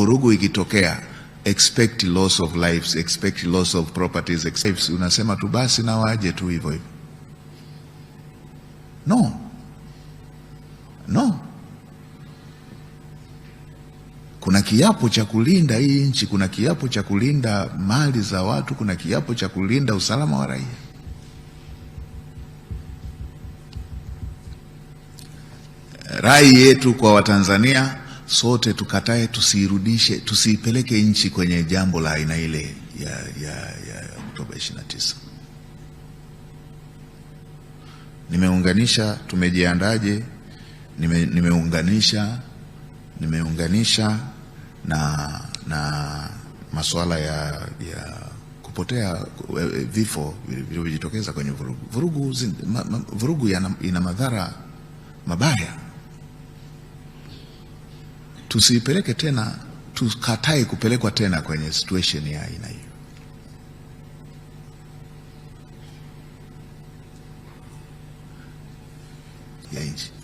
vurugu ikitokea, expect loss of lives, expect loss of properties, expect... unasema tu basi na waje tu hivyo hivyo? No, no, kuna kiapo cha kulinda hii nchi, kuna kiapo cha kulinda mali za watu, kuna kiapo cha kulinda usalama wa raia. Rai yetu kwa Watanzania sote tukatae, tusiirudishe, tusiipeleke nchi kwenye jambo la aina ile ya, ya, ya Oktoba 29. Nimeunganisha tumejiandaje, nime, nimeunganisha nimeunganisha na, na masuala ya, ya kupotea e, e, vifo vilivyojitokeza kwenye vurugu vurugu, vurugu yana, ina madhara mabaya. Tusiipeleke tena, tukatae kupelekwa tena kwenye situation ya aina hiyo. ya nchi